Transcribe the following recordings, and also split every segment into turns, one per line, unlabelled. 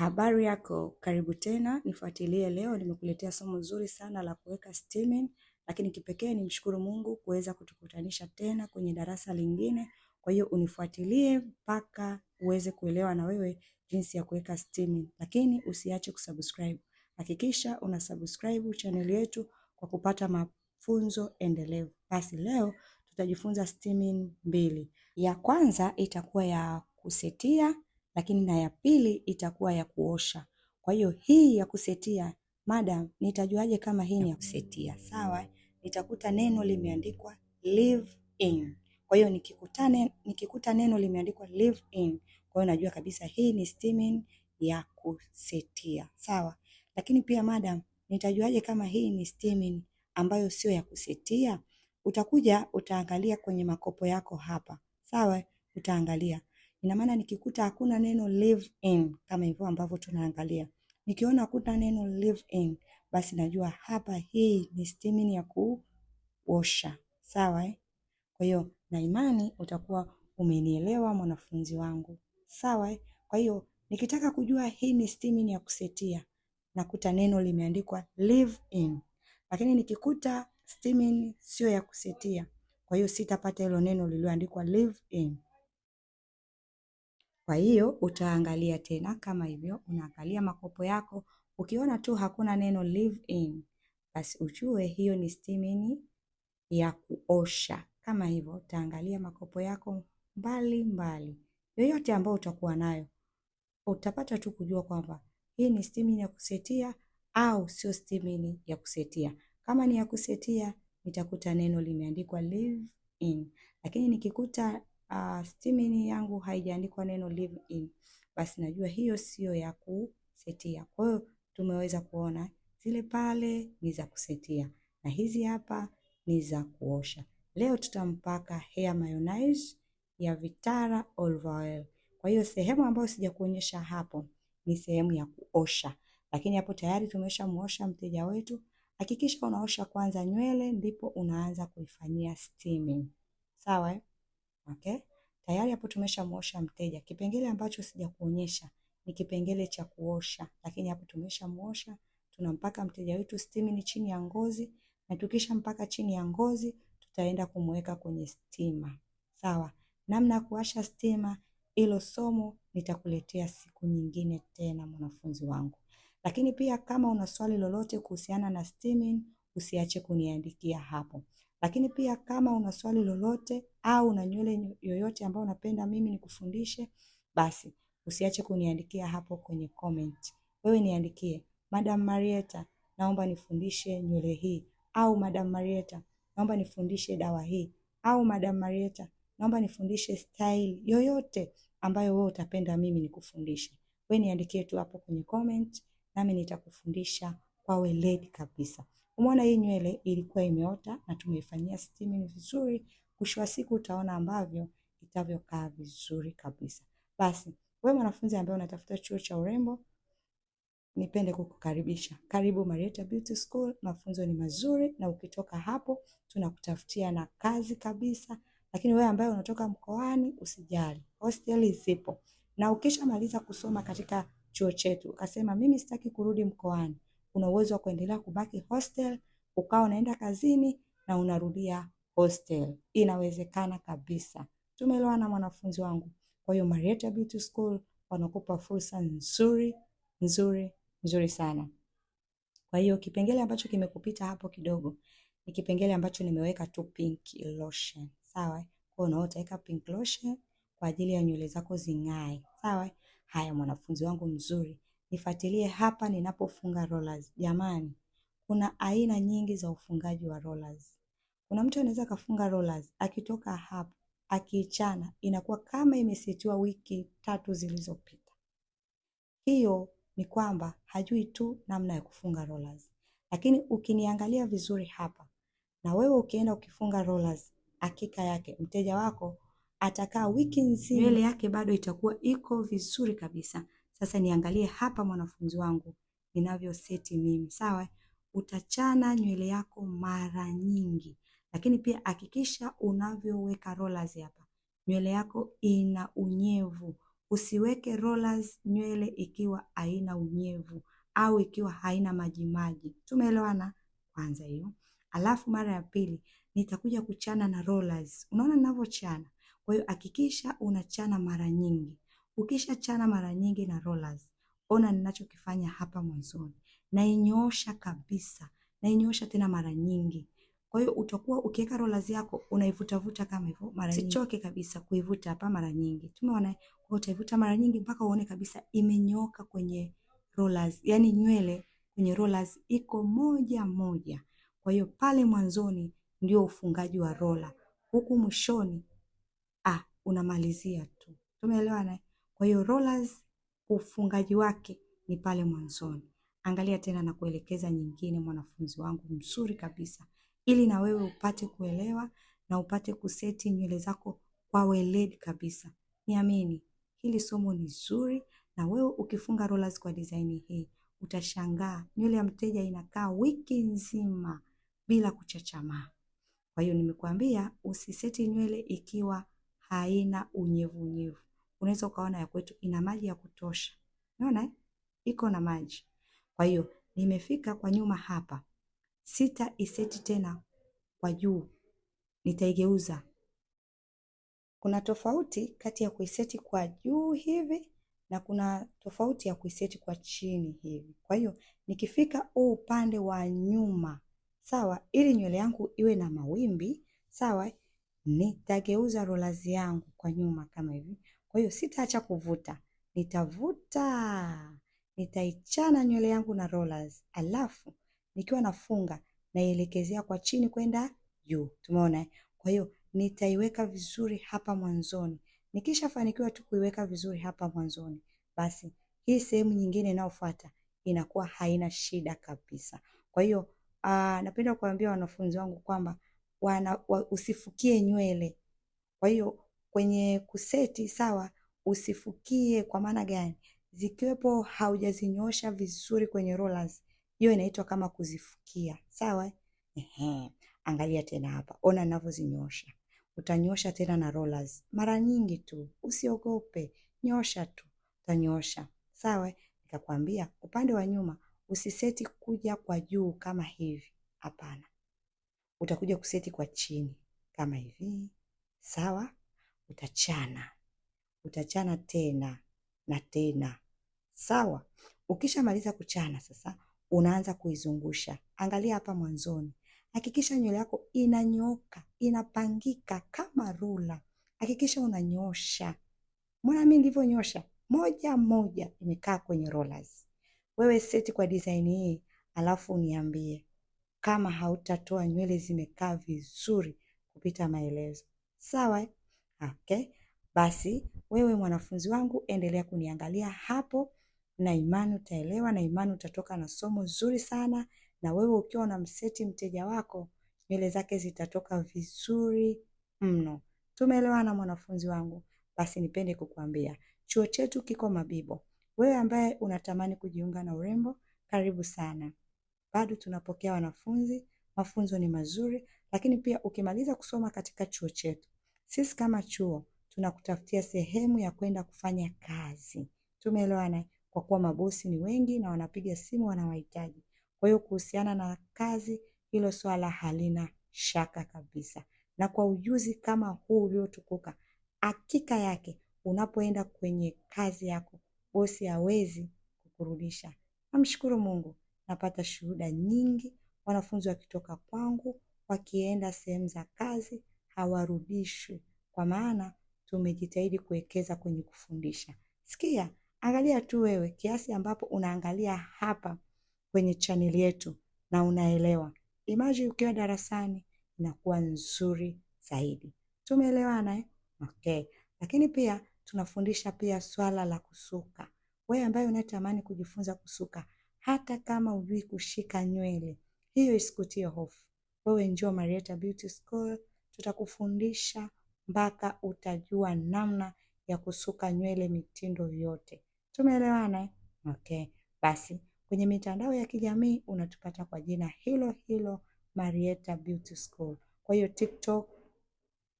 Habari yako, karibu tena nifuatilie. Leo nimekuletea somo zuri sana la kuweka statement, lakini kipekee nimshukuru Mungu kuweza kutukutanisha tena kwenye darasa lingine. Kwa hiyo unifuatilie mpaka uweze kuelewa na wewe jinsi ya kuweka statement, lakini usiache kusubscribe. Hakikisha una subscribe chaneli yetu kwa kupata mafunzo endelevu. Basi leo tutajifunza statement mbili. Ya kwanza itakuwa ya kusetia lakini na ya pili itakuwa ya kuosha. Kwa hiyo hii ya kusetia, madam, nitajuaje kama hii ni ya kusetia? Sawa, nitakuta neno limeandikwa live in. Kwa hiyo nikikutane, nikikuta neno limeandikwa live in, kwa hiyo najua kabisa hii ni steaming ya kusetia. Sawa, lakini pia madam, nitajuaje kama hii ni steaming ambayo sio ya kusetia? Utakuja utaangalia kwenye makopo yako hapa, sawa, utaangalia Ina maana nikikuta hakuna neno live in kama hivyo ambavyo tunaangalia, nikiona hakuna neno live in, basi najua hapa hii ni stemini ya kuosha, sawa eh? Kwa hiyo na imani utakuwa umenielewa mwanafunzi wangu, sawa eh? Kwa hiyo nikitaka kujua hii ni stemini ya kusetia, nakuta neno limeandikwa live in, lakini nikikuta stemini sio ya kusetia, kwa hiyo sitapata hilo neno lililoandikwa live in. Kwa hiyo utaangalia tena kama hivyo, unaangalia makopo yako, ukiona tu hakuna neno live in, basi ujue hiyo ni stemeni ya kuosha. Kama hivyo utaangalia makopo yako mbali mbali, yoyote ambayo utakuwa nayo, utapata tu kujua kwamba hii ni stemeni ya kusetia au sio stemeni ya kusetia. Kama ni ya kusetia, nitakuta neno limeandikwa live in, lakini nikikuta uh, ah, steaming yangu haijaandikwa neno live in, basi najua hiyo siyo ya kusetia. Kwa hiyo tumeweza kuona zile pale ni za kusetia na hizi hapa ni za kuosha. Leo tutampaka hair mayonnaise ya Vitara Olive Oil. Kwa hiyo sehemu ambayo sijakuonyesha hapo ni sehemu ya kuosha, lakini hapo tayari muosha mteja wetu. Hakikisha unaosha kwanza nywele, ndipo unaanza kuifanyia steaming. Sawa. Eh? Okay? Tayari hapo tumeshamuosha mteja. Kipengele ambacho sijakuonyesha ni kipengele cha kuosha, lakini hapo tumeshamwosha, tunampaka mteja wetu stimini chini ya ngozi, na tukisha mpaka chini ya ngozi tutaenda kumweka kwenye stima. Sawa? Namna ya kuwasha stima, hilo somo nitakuletea siku nyingine tena mwanafunzi wangu. Lakini pia kama una swali lolote kuhusiana na steaming, usiache kuniandikia hapo. Lakini pia kama una swali lolote au una nywele yoyote ambayo unapenda mimi nikufundishe, basi usiache kuniandikia hapo kwenye comment. Wewe niandikie, Madam Marietha, naomba nifundishe nywele hii, au Madam Marietha, naomba nifundishe dawa hii, au Madam Marietha, naomba nifundishe style yoyote ambayo wewe utapenda mimi nikufundishe. Wewe niandikie tu hapo kwenye comment, nami nitakufundisha kwa weledi kabisa. Umeona hii nywele ilikuwa imeota na tumeifanyia steaming vizuri. Mwisho wa siku utaona ambavyo itavyokaa vizuri kabisa. Basi wewe mwanafunzi ambaye unatafuta chuo cha urembo, nipende kukukaribisha. Karibu Marietha Beauty School, mafunzo ni mazuri, na ukitoka hapo tunakutafutia na kazi kabisa. Lakini wewe ambaye unatoka mkoani, usijali, hosteli zipo, na ukishamaliza kusoma katika chuo chetu ukasema mimi sitaki kurudi mkoani una uwezo wa kuendelea kubaki hostel, ukawa unaenda kazini na unarudia hostel. Inawezekana kabisa. Tumeelewa na mwanafunzi wangu. Kwa hiyo Marieta Beauty School wanakupa fursa nzuri nzuri nzuri sana. Kwa hiyo kipengele ambacho kimekupita hapo kidogo ni kipengele ambacho nimeweka tu pink lotion, sawa? Kwa hiyo utaweka pink lotion kwa ajili ya nywele zako zing'ae, sawa? Haya, mwanafunzi wangu mzuri nifuatilie hapa ninapofunga rollers. Jamani, kuna aina nyingi za ufungaji wa rollers. Kuna mtu anaweza akafunga rollers akitoka hapa akiichana inakuwa kama imesitiwa wiki tatu zilizopita. Hiyo ni kwamba hajui tu namna ya kufunga rollers, lakini ukiniangalia vizuri hapa na wewe ukienda ukifunga rollers, hakika yake mteja wako atakaa wiki nzima nywele yake bado itakuwa iko vizuri kabisa. Sasa niangalie hapa mwanafunzi wangu ninavyoseti mimi, sawa. Utachana nywele yako mara nyingi, lakini pia hakikisha unavyoweka rollers hapa, nywele yako ina unyevu. Usiweke rollers nywele ikiwa haina unyevu au ikiwa haina majimaji. Tumeelewana kwanza hiyo, alafu mara ya pili nitakuja kuchana na rollers. Unaona ninavyochana? Kwa hiyo hakikisha unachana mara nyingi. Ukisha chana mara nyingi na rollers, ona ninachokifanya hapa mwanzoni, nainyoosha kabisa, nainyoosha tena mara nyingi. Kwa hiyo utakuwa ukiweka rollers yako unaivutavuta kama hivyo mara nyingi. Sichoke kabisa kuivuta hapa mara nyingi, tumeona. Utaivuta mara nyingi mpaka uone kabisa imenyooka kwenye rollers, yani nywele kwenye rollers iko moja moja. Kwa hiyo pale mwanzoni ndio ufungaji wa rola, huku mwishoni ah, unamalizia tu. Tumeelewana? Kwa hiyo rollers ufungaji wake ni pale mwanzoni. Angalia tena na kuelekeza nyingine, mwanafunzi wangu mzuri kabisa, ili na wewe upate kuelewa na upate kuseti nywele zako kwa weledi kabisa. Niamini, hili somo ni zuri, na wewe ukifunga rollers kwa design hii utashangaa nywele ya mteja inakaa wiki nzima bila kuchachamaa. Kwa hiyo nimekuambia usiseti nywele ikiwa haina unyevunyevu unaweza ukaona ya kwetu ina maji ya kutosha. Unaona Iko na maji. Kwa hiyo nimefika kwa nyuma hapa. Sita iseti tena kwa juu. Nitaigeuza. Kuna tofauti kati ya kuiseti kwa juu hivi na kuna tofauti ya kuiseti kwa chini hivi. Kwa hiyo nikifika huu upande wa nyuma, sawa, ili nywele yangu iwe na mawimbi, sawa, nitageuza rolazi yangu kwa nyuma kama hivi. Kwa hiyo sitaacha kuvuta, nitavuta, nitaichana nywele yangu na rollers, alafu nikiwa nafunga naielekezea kwa chini kwenda juu. Tumeona. Eh? Kwa hiyo nitaiweka vizuri hapa mwanzoni. Nikishafanikiwa tu kuiweka vizuri hapa mwanzoni, basi hii sehemu nyingine inayofuata inakuwa haina shida kabisa. Kwa hiyo uh, napenda kuambia wanafunzi wangu kwamba wana, wa, usifukie nywele. Kwa hiyo kwenye kuseti sawa, usifukie. Kwa maana gani? Zikiwepo haujazinyosha vizuri kwenye rollers, hiyo inaitwa kama kuzifukia sawa. Ehe, angalia tena hapa, ona ninavyozinyosha. Utanyosha tena na rollers mara nyingi tu, usiogope, nyosha tu, utanyosha sawa. Nikakwambia upande wa nyuma usiseti kuja kwa juu kama hivi, hapana. Utakuja kuseti kwa chini kama hivi, sawa utachana, utachana tena na tena, sawa. Ukishamaliza kuchana sasa, unaanza kuizungusha. Angalia hapa mwanzoni, hakikisha nywele yako inanyooka, inapangika kama rula, hakikisha unanyosha. Mbona mimi nilivyonyosha moja moja imekaa kwenye rollers. Wewe seti kwa design hii, alafu uniambie kama hautatoa nywele zimekaa vizuri kupita maelezo, sawa? Eh? Okay? Basi wewe mwanafunzi wangu endelea kuniangalia hapo, na imani utaelewa, na imani utatoka na somo zuri sana, na wewe ukiwa na mseti mteja wako nywele zake zitatoka vizuri mno. Tumeelewana mwanafunzi wangu? Basi nipende kukuambia chuo chetu kiko Mabibo. Wewe ambaye unatamani kujiunga na urembo, karibu sana. Bado tunapokea wanafunzi, mafunzo ni mazuri, lakini pia ukimaliza kusoma katika chuo chetu sisi kama chuo tunakutafutia sehemu ya kwenda kufanya kazi. Tumeelewana kwa kuwa mabosi ni wengi na wanapiga simu wanawahitaji. Kwa hiyo kuhusiana na kazi, hilo swala halina shaka kabisa. Na kwa ujuzi kama huu uliotukuka, hakika yake unapoenda kwenye kazi yako, bosi hawezi kukurudisha. Namshukuru Mungu, napata shuhuda nyingi, wanafunzi wakitoka kwangu, wakienda sehemu za kazi, hawarudishwi kwa maana tumejitahidi kuwekeza kwenye kufundisha. Sikia, angalia tu wewe kiasi ambapo unaangalia hapa kwenye chaneli yetu na unaelewa. Imagine ukiwa darasani inakuwa nzuri zaidi. Tumeelewana eh? Okay. Lakini pia tunafundisha pia swala la kusuka. Wewe ambaye unatamani kujifunza kusuka, hata kama hujui kushika nywele, hiyo isikutie hofu. Wewe njoo Marietha Beauty School tutakufundisha mpaka utajua namna ya kusuka nywele mitindo yote. Tumeelewana? Eh? Okay. Basi kwenye mitandao ya kijamii unatupata kwa jina hilo hilo Marietha Beauty School. Kwa hiyo TikTok,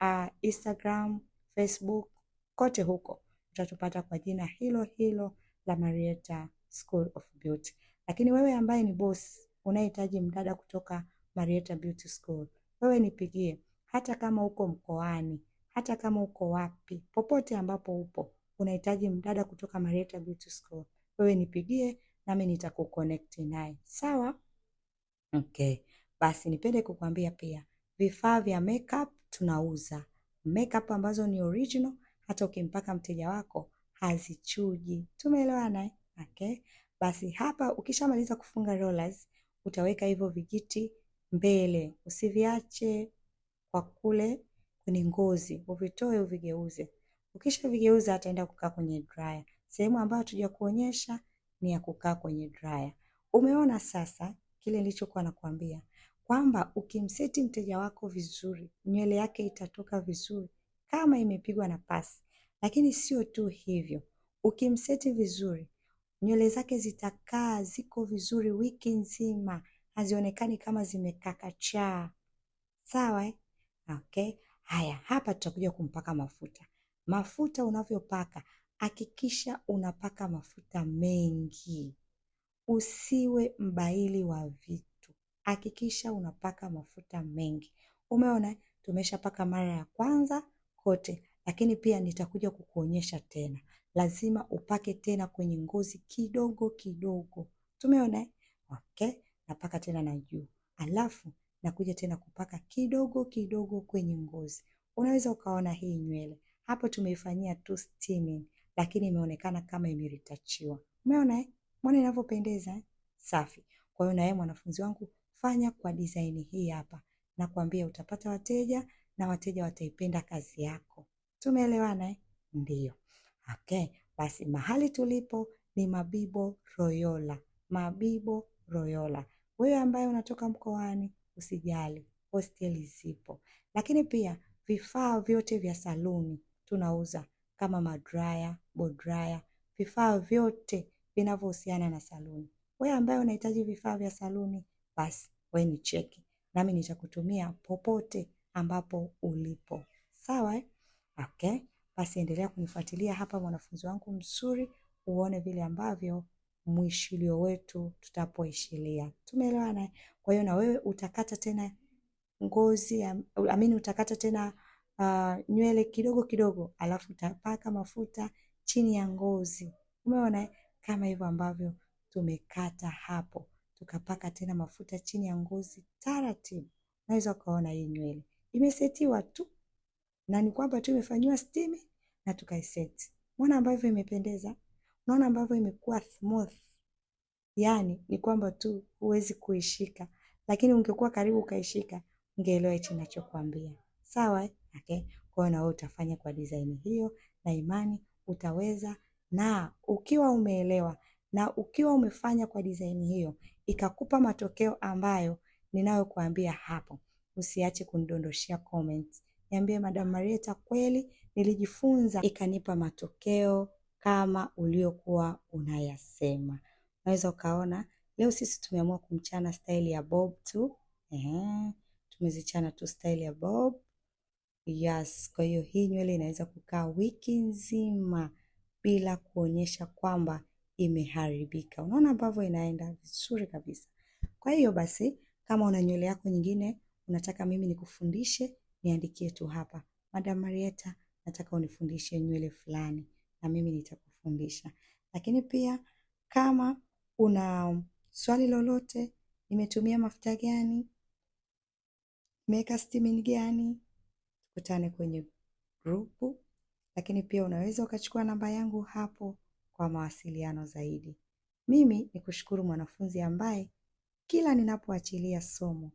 uh, Instagram, Facebook, kote huko utatupata kwa jina hilo hilo la Marietha School of Beauty. Lakini wewe ambaye ni boss unayehitaji mdada kutoka Marietha Beauty School, wewe nipigie hata kama uko mkoani, hata kama uko wapi, popote ambapo upo unahitaji mdada kutoka Marietha Beauty School, wewe nipigie nami nitakuconnect naye, sawa? Okay, basi nipende kukwambia pia vifaa vya makeup tunauza makeup ambazo ni original, hata ukimpaka mteja wako hazichuji. Tumeelewana? Eh? Okay, basi hapa ukishamaliza kufunga rollers, utaweka hivyo vijiti mbele, usiviache kwa kule kwenye ngozi, uvitoe uvigeuze. ukisha vigeuza, ataenda kukaa kwenye dryer. Sehemu ambayo kuonyesha ni ya kukaa kwenye dryer. Umeona sasa kile nilichokuwa nakwambia kwamba ukimseti mteja wako vizuri, nywele yake itatoka vizuri kama imepigwa na pasi. Lakini sio tu hivyo, ukimseti vizuri, nywele zake zitakaa ziko vizuri wiki nzima, hazionekani kama zimekakachaa. Sawa eh? Okay? Haya, hapa tutakuja kumpaka mafuta. Mafuta unavyopaka hakikisha unapaka mafuta mengi, usiwe mbaili wa vitu. Hakikisha unapaka mafuta mengi. Umeona, tumeshapaka mara ya kwanza kote, lakini pia nitakuja kukuonyesha tena, lazima upake tena kwenye ngozi kidogo kidogo. Tumeona eh? okay? Napaka tena na juu alafu na kuja tena kupaka kidogo kidogo kwenye ngozi. Unaweza ukaona hii nywele hapo tumeifanyia tu steaming, lakini imeonekana kama imeritachiwa. Umeona eh? Mbona inavyopendeza eh? Safi. Kwa hiyo nawe mwanafunzi wangu fanya kwa design hii hapa, nakwambia utapata wateja na wateja wataipenda kazi yako. Tumeelewana eh? Ndio. Okay, basi mahali tulipo ni Mabibo Royola. Mabibo Royola. Wewe ambaye unatoka mkoani usijali, hosteli zipo. Lakini pia vifaa vyote vya saluni tunauza kama madraya, bodraya, vifaa vyote vinavyohusiana na saluni. Wewe ambaye unahitaji vifaa vya saluni, basi wewe ni cheki nami nitakutumia popote ambapo ulipo, sawa eh? Okay, basi endelea kunifuatilia hapa, mwanafunzi wangu mzuri, uone vile ambavyo mwishilio wetu tutapoishilia. Tumeelewana? Kwa hiyo na wewe utakata tena ngozi amini, utakata tena uh, nywele kidogo kidogo, alafu utapaka mafuta chini ya ngozi. Umeona kama hivyo ambavyo tumekata hapo, tukapaka tena mafuta chini ya ngozi taratibu. Naweza ukaona hii nywele imesetiwa tu, na ni kwamba tu imefanyiwa stimi na tukaiseti. mwana ambavyo imependeza naona ambavyo imekuwa smooth, Yani ni kwamba tu huwezi kuishika, lakini ungekuwa karibu ukaishika ungeelewa hichi ninachokuambia, sawa? Okay. Kwa hiyo na wewe utafanya kwa design hiyo, na imani utaweza, na ukiwa umeelewa na ukiwa umefanya kwa design hiyo ikakupa matokeo ambayo ninayokuambia hapo, usiache kunidondoshea comment. Niambie Madam Marietha, kweli nilijifunza ikanipa matokeo kama uliokuwa unayasema. Unaweza ukaona leo sisi tumeamua kumchana style ya bob tu. Ehe, tumezichana tu style ya bob. Yes, kwa hiyo hii nywele inaweza kukaa wiki nzima bila kuonyesha kwamba imeharibika. Unaona ambavyo inaenda vizuri kabisa. Kwa hiyo basi, kama una nywele yako nyingine unataka mimi nikufundishe, niandikie tu hapa, Madam Marietha, nataka unifundishe nywele fulani na mimi nitakufundisha. Lakini pia kama una swali lolote, nimetumia mafuta gani, nimeweka stimini gani, tukutane kwenye grupu. Lakini pia unaweza ukachukua namba yangu hapo kwa mawasiliano zaidi. Mimi ni kushukuru mwanafunzi ambaye kila ninapoachilia somo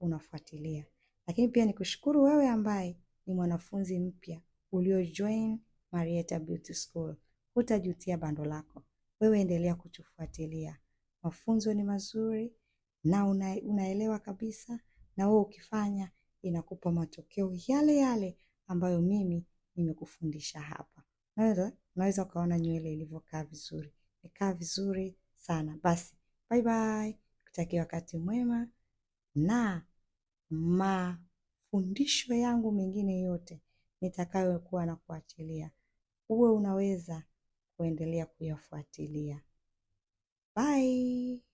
unafuatilia, lakini pia ni kushukuru wewe ambaye ni mwanafunzi mpya uliojoin Marietha Beauty School. Hutajutia bando lako. Wewe endelea kutufuatilia, mafunzo ni mazuri na una, unaelewa kabisa, na wewe ukifanya inakupa matokeo yale yale ambayo mimi nimekufundisha hapa. Unaweza ukaona nywele ilivyokaa vizuri, imekaa vizuri sana. Basi bye bye, kutakia wakati mwema na mafundisho yangu mengine yote nitakayokuwa na kuachilia uwe unaweza kuendelea kuyafuatilia. Bye.